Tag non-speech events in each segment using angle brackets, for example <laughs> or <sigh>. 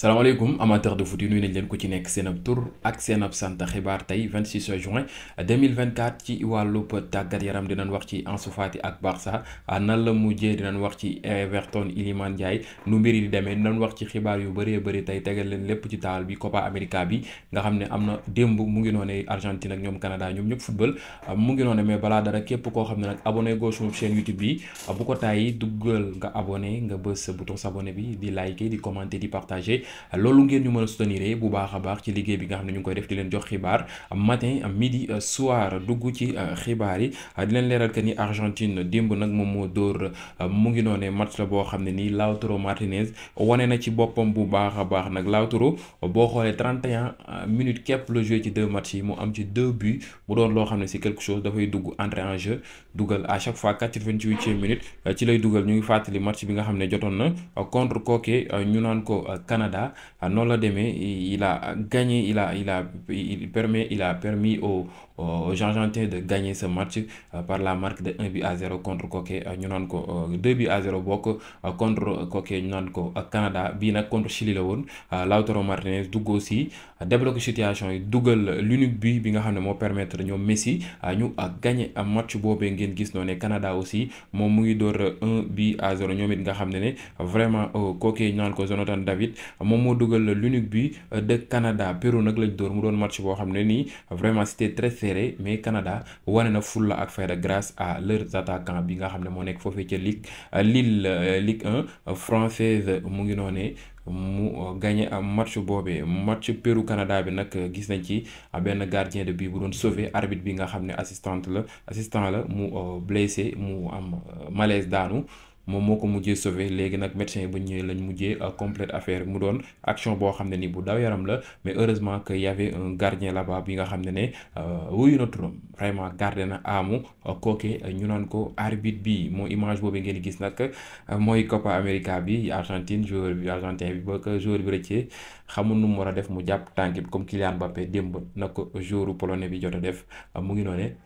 salaamaaleykum amateur de foot yi nuyu nañ leen ko ci nekk seen ab tur ak seen ab sant xibaar tey 26 juin 2024 ci wàllub tàggat yaram dinañ wax ci Ansu Fati ak Barça ah, nan la mujjee dinañ wax ci Everton Iliman Ndiaye nu mbir yi di demee dinañ wax ci xibaar yu bëree bëri tey tegal leen lépp ci taal bi Copa America bi nga xam ne am na démb mu ngi noone Argentine ak ñoom Canada ñoom ñëpp football ah, mu ngi noone mais balaa dara képp koo xam ne nag abonné goo suñu chaîne YouTube bi ah, bu ko tàyyi duggal nga abonné nga bës bouton s'abonner bi di liker di commenter di partager loolu ngeen ñu mën a soutenir bu baax a baax ci liggéey bi nga xam ne ñu ngi koy def di leen jox xibaar matin midi soir dugg ci euh, xibaar yi euh, di leen leeral que ni Argentine démb nag moom moo dóor euh, mu ngi noone match la boo xam ne nii Lautaro Martinez wane na ci boppam bu baax a baax nag Lautaro boo xoolee 31 minutes képp la joué ci deux matchs yi mu am ci deux buts mu doon loo xam ne si quelque chose dafay dugg entrée en jeu dugal à chaque fois 88e ci lay dugal ñu ngi fàttali match bi nga xam ne jotoon na contre kooke ñu naan ko Canada. Canada. Ah, non la il a gagné, il a, il a, il permet, il a permis aux, aux de gagner ce match ah, par la marque de 1 but à 0 contre Koke Nyonanko. 2 buts à 0 bokk ah, contre Koke Nyonanko Canada bii nag contre Chili la woon Lautaro Martinez dugg aussi débloqué situation yi dugal l'unique but bi nga xam ne moo permettre ñoom Messi ñu gagné match boobee ngeen gis noonu ne Canada aussi moom mu ngi door 1 but à 0 ñoom it nga xam ne ne vraiment Koke euh, Nyonanko Jonathan David. moom moo dugal la l'unique bi euh, de Canada Pérou nag lañ dóor mu doon match boo xam ne nii vraiment c'était très serré mais Canada wane na fulla ak fayda grâce à leurs attaquants bi nga xam ne moo nekk foofee ca lii euh, Lille euh, Ligue 1 française mu ngi noonee mu gagné am match boobee match Pérou Canada bi nag gis nañ ci benn gardien de bii bu doon sauvé arbitre bi nga xam ne assistante la assistant la mu blessé mu am malaise daanu moom moo ko mujjee sauvé léegi nag médecin yi ba ñëwee lañ mujjee euh, complète affaire mu doon action boo xam ne ni bu daw yaram la mais heureusement que y avait un gardien là bi nga xam ne ne euh, wuyu na turam vraiment gardé na amu euh, kooke ñu naan ko arbitre bi moo image boobu ngeen gis nag mooy Copa América bi Argentine joueur bi argentin bi ba que joueur bi rëccee xamul nu mu war a def mu jàpp tànk bi comme Kylian Mbappé démb na ko joueur polonais bi jot a def mu ngi noone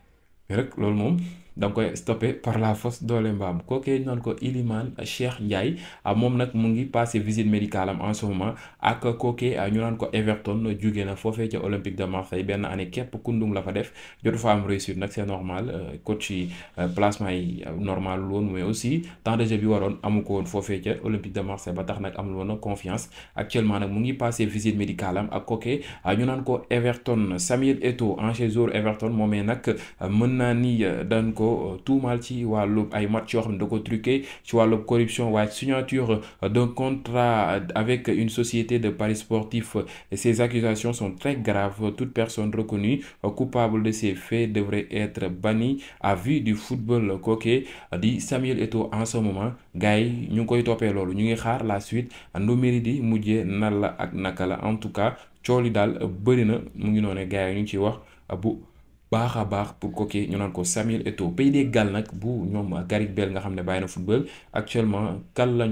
loolu moom. da nga koy stoppé par la force doole mbaam kookee noonu ko Ilimane Cheikh Ndiaye ah, moom nag mu ngi passé visite médicale am en ce moment ak kookee ah, ñu naan ko Everton jóge foofee ca Olympique de benn année képp kundung la fa def jotu fa am réussite nag c'est normal euh, coach yi euh, euh, aussi temps waroon amu ko woon foofee ca Olympique de Marseille ba tax nag amul woon confiance actuellement nag mu ngi passé visite médicale am ah, ko Everton Samuel Eto'o ancien joueur Everton moomee nag mën naa ni dañ ko ko euh, tuumaal ci wàllub ay match yoo xam ne da ko truqué ci wàllub corruption waaye signature euh, d'un contrat avec une société de paris sportif ces accusations sont très graves toute personne reconnue euh, coupable de ces faits devrait être bannie à vue du football kooke di Samuel Eto'o en ce moment gars yi ñu ngi koy toppee loolu ñu ngi xaar la suite nu mbir di mujjee nan la ak naka la en tout cas cool yi daal bëri na mu ngi noone gars yi ñu ciy wax baax a baax pour koki ñu naan ko Samuel Eto'o pays des Galles nag bu nga xam ne bàyyi na football actuellement Henry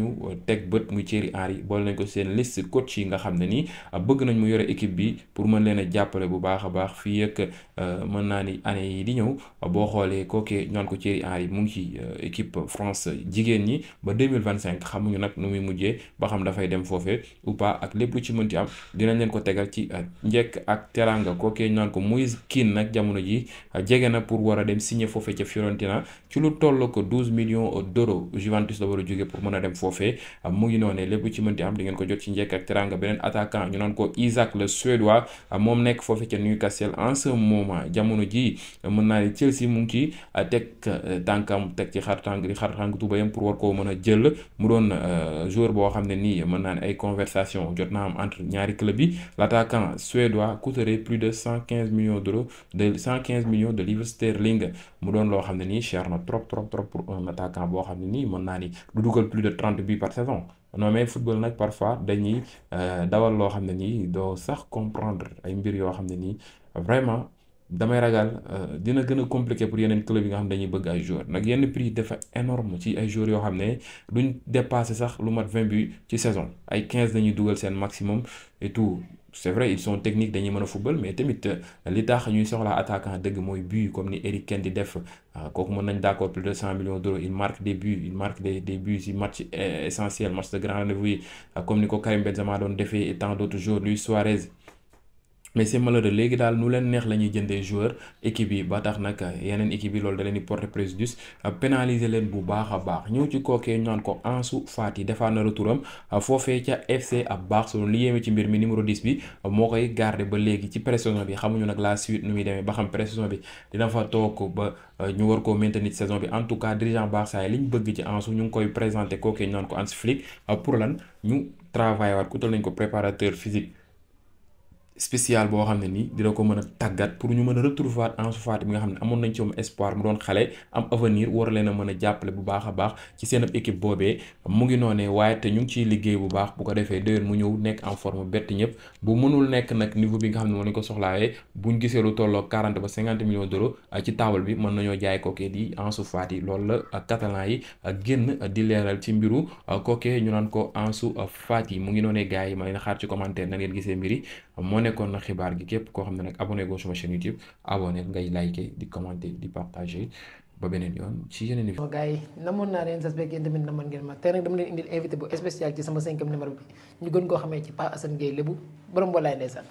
ah, mu yore équipe bi pour mën leen a jàppale bu baax a baax fii ak euh, mën naa ni année yi di ñëw ah, boo xoolee kookee ñaan ko Thierry Henry mu ngi ci euh, équipe France jigéen ñi ba 2025 xamuñu nag nu muy mujjee ba xam dafay dem foofee ou pas ak lépp lu ci mënti am dinañ leen ko tegal ci euh, njekk ak teranga kookee ñaan ko Moise Kean nag jamono ji ji jege na pour war a dem signer foofee ca Fiorentina ci lu toll ko 12 millions d'euros Juventus la war a jóge pour mën a dem foofee mu ngi noonu lépp ci mënti am di ngeen ko jot ci njëkk ak teranga beneen attaquant ñu naan ko Isaac le Suédois moom nekk foofee ca Newcastle en ce moment jamono ji mën naa ne Chelsea mu ngi ci teg euh, tànkam teg ci xar tànk di pour war koo mën a jël mu doon euh, joueur boo xam ne nii mën naa ne ay conversation jot naa am entre ñaari club yi l'attaquant suédois coûterait plus de cent quinze millions de livres sterling mu doon loo xam ne nii cher na trop trop trop pour boo xam ne nii mën naa ni du dugal plus de trente buts par saison non football nag parfois dañuy euh, dawal loo xam ne nii doo sax comprendre ay mbir yoo xam ne nii vraiment. damay ragal euh, dina gën a compliqué pour yeneen club yi nga xam dañuy bëgg ay joueurs nag yenn prix dafa énorme ci ay joueurs yoo xam ne duñ dépassé sax lu mat vingt buts ci saison ay quinze dañuy dugal seen maximum et tout c' est vrai ils sont techniques dañuy mën a football mais tamit euh, li tax ñuy soxla attaquant dëgg mooy but comme ni Eric Kane di def euh, kooku mën nañ d' plus de cent millions d' euros il marque des buts il marque des des buts si match essentiel match mais c'est léegi daal nu leen neex la ñuy jëndee joueur équipe yi ba tax nag yeneen équipe yi loolu da leen di porter préjudice leen bu baax a baax ñëw ci kookee ñu naan ko Ansu Fati defaat na retouram foofee ca FC ab Barcelone li yéeme ci mbir mi numéro 10 bi moo koy garder ba léegi ci pré bi xamuñu nag la suite nu muy demee ba xam pré-saison bi dina fa toog ba euh, ñu war koo maintenir saison bi en tout cas dirigeant Barça yi li ñu bëgg ci Ansu ñu ngi koy présenter kookee ñu naan ko Hans Flick euh, pour lan ñu travailler waat kutal nañ ko préparateur physique spécial boo xam ne nii dina ko mën a tàggat pour ñu mën a retrouver Ansu Fati bi nga xam ne amoon nañ ci leen a mën a jàppale bu baax a baax ci seen équipe boobee mu ngi noonee waaye te ñu ngi ciy liggéey bu baax bu ko defee déwén mu ñëw nekk en forme bett ñëpp bu mënul nekk nag niveau bi nga xam ne moom lañ ko soxlaawee buñ gisee lu tolloo 40 ba 50 millions d'euros ah, ci taabal bi mën nañoo jaay kookee di Ansu Fati loolu la ah, catalan yi ah, génn di leeral ci mbiru kookee ñu naan ko Ansu Fati mu ngi noonee gars yi ma leen xaar ci commentaire na ngeen gisee mbiri nekkoon na xibaar gi képp koo xam ne nag abonné goo suma chaîne YouTube abonné ngay liker di commenter di partager ba beneen yoon ci yeneen i. gars yi namoon naa leen sas beeg yéen tamit namoon ngeen ma tey nag dama leen indil invité bu spécial ci Pa Assane Gueye Lébu borom Mbolaay ndeysaan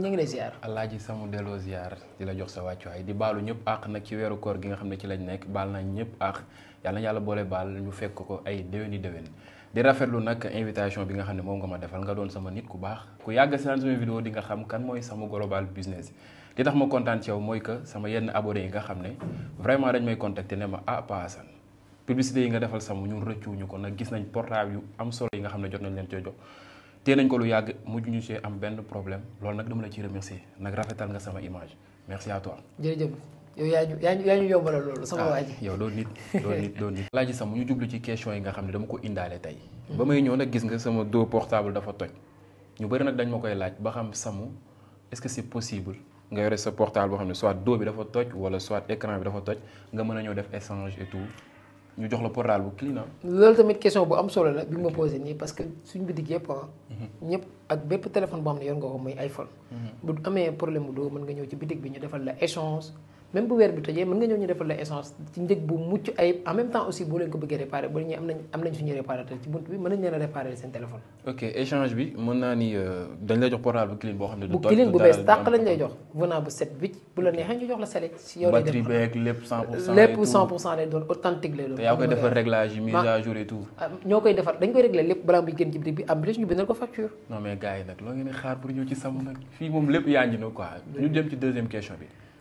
ngi lay ziar. alaaji sama delloo ziar di la jox sa wàccuwaay di baalu ñëpp àq nag ci weeru koor gi nga xam ne ci lañ nekk baal naa ñëpp àq yàlla na yàlla boole baal ñu fekk ko ay déwéni déwén di rafetlu nag invitation bi nga xam ne moom nga ma defal nga doon sama nit ku baax ku yàgg seetaan sama vidéo di nga xam kan mooy sama global business li tax ma kontaan ci yow mooy que sama yenn abonnés yi nga xam ne vraiment dañ may contacter ne ma ah Pa Assane publicité yi nga defal sama ñun rëccuwuñu ko nag gis nañ portable yu am solo yi nga xam ne jot nañ leen coo jox te nañ ko lu yàgg mujj ñu see am benn problème loolu nag dama la ci remercier nag rafetal nga sama image merci yow yaa ñu yaa ñu yaa a yombalal loolu sama ah, waa yow doo nit doo nit doo nit <laughs> mu ñu jublu ci question yi nga xam ne dama ko indaale tey ba may ñëw nag gis nga sama dos portable dafa toj ñu bëri nag dañ ma koy laaj ba xam samu est-ce que c'est possible nga yore sa portable boo xam ne soit dos bi dafa toj wala soit écran bi dafa toj nga mën a ñëw def échange et tout ñu jox la portable bu clean ah. loolu tamit question bu am solo la bi ma posé nii parce que suñ bitig yëpp ah. boo xam ne yor nga ko muy iPhone. Mhm. bu bi ñu même bu weer bi tojee mën nga ñëw ñu defal la essence ci njëg bu mucc ayib en même temps aussi boo leen ko bëggee réparé ba ñu am nañ suñu réparateur ci bunt bi mën nañ la neexee ñu lépp cent pour cent lay doon authentique lay doon te yaa koy defar réglage yi mise à jour ah, ñoo koy defar dañ koy réglé lépp balaa muy génn ci bi am bi ñu bindal ko facture non mais gars nag loo ngeen xaar pour ñëw ci sam nag fii moom lépp yaa ngi